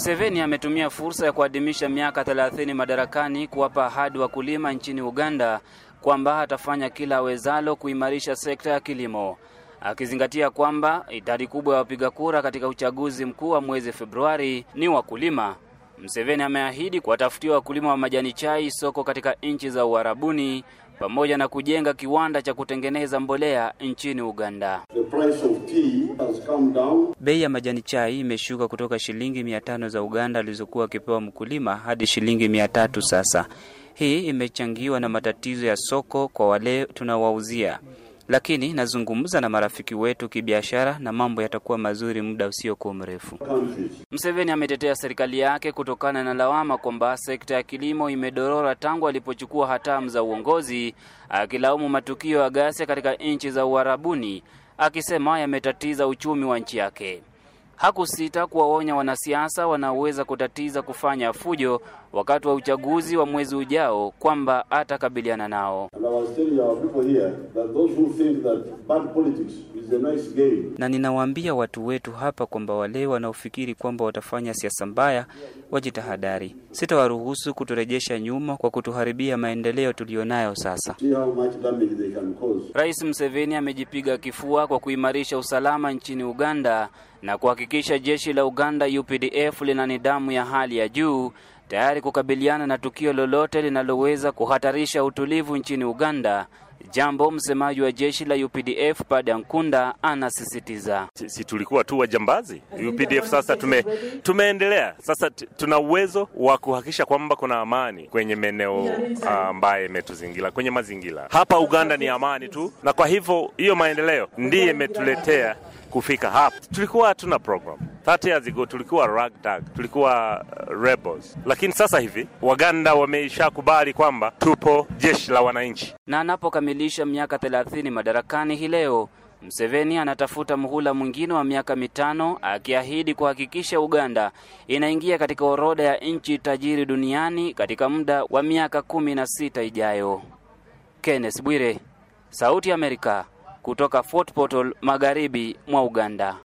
Mseveni ametumia fursa ya kuadhimisha miaka 30 madarakani kuwapa ahadi wakulima nchini Uganda kwamba atafanya kila awezalo kuimarisha sekta ya kilimo, akizingatia kwamba idadi kubwa ya wapiga kura katika uchaguzi mkuu wa mwezi Februari ni wakulima. Mseveni ameahidi kuwatafutia wakulima wa majani chai soko katika nchi za Uarabuni pamoja na kujenga kiwanda cha kutengeneza mbolea nchini Uganda. Bei ya majani chai imeshuka kutoka shilingi mia tano za Uganda alizokuwa akipewa mkulima hadi shilingi mia tatu sasa. Hii imechangiwa na matatizo ya soko kwa wale tunawauzia lakini nazungumza na marafiki wetu kibiashara na mambo yatakuwa mazuri muda usiokuwa mrefu. Mseveni ametetea serikali yake kutokana na lawama kwamba sekta ya kilimo imedorora tangu alipochukua hatamu za uongozi, akilaumu matukio ya ghasia katika nchi za Uarabuni, akisema yametatiza uchumi wa nchi yake hakusita kuwaonya wanasiasa wanaoweza kutatiza kufanya fujo wakati wa uchaguzi wa mwezi ujao kwamba atakabiliana nao. Na ninawaambia watu wetu hapa kwamba wale wanaofikiri kwamba watafanya siasa mbaya wajitahadari. Sitawaruhusu kuturejesha nyuma kwa kutuharibia maendeleo tuliyonayo sasa. Rais Museveni amejipiga kifua kwa kuimarisha usalama nchini Uganda na kuhakikisha jeshi la Uganda UPDF lina nidhamu ya hali ya juu tayari kukabiliana na tukio lolote linaloweza kuhatarisha utulivu nchini Uganda. Jambo msemaji wa jeshi la UPDF Pada Nkunda anasisitiza. Si tulikuwa tu wajambazi UPDF, sasa tume, tumeendelea sasa, tuna uwezo wa kuhakikisha kwamba kuna amani kwenye maeneo ah, ambayo imetuzingira kwenye mazingira hapa Uganda ni amani tu, na kwa hivyo hiyo maendeleo ndiye imetuletea kufika hapa. Tulikuwa hatuna program 30 years ago, tulikuwa ragtag, tulikuwa uh, rebels, lakini sasa hivi Waganda kubali kwamba tupo jeshi la wananchi. Na anapokamilisha miaka 30 madarakani hii leo Mseveni anatafuta muhula mwingine wa miaka mitano akiahidi kuhakikisha Uganda inaingia katika orodha ya nchi tajiri duniani katika muda wa miaka kumi na sita ijayo. Kenneth Bwire, Sauti ya Amerika, kutoka Fort Portal magharibi mwa Uganda.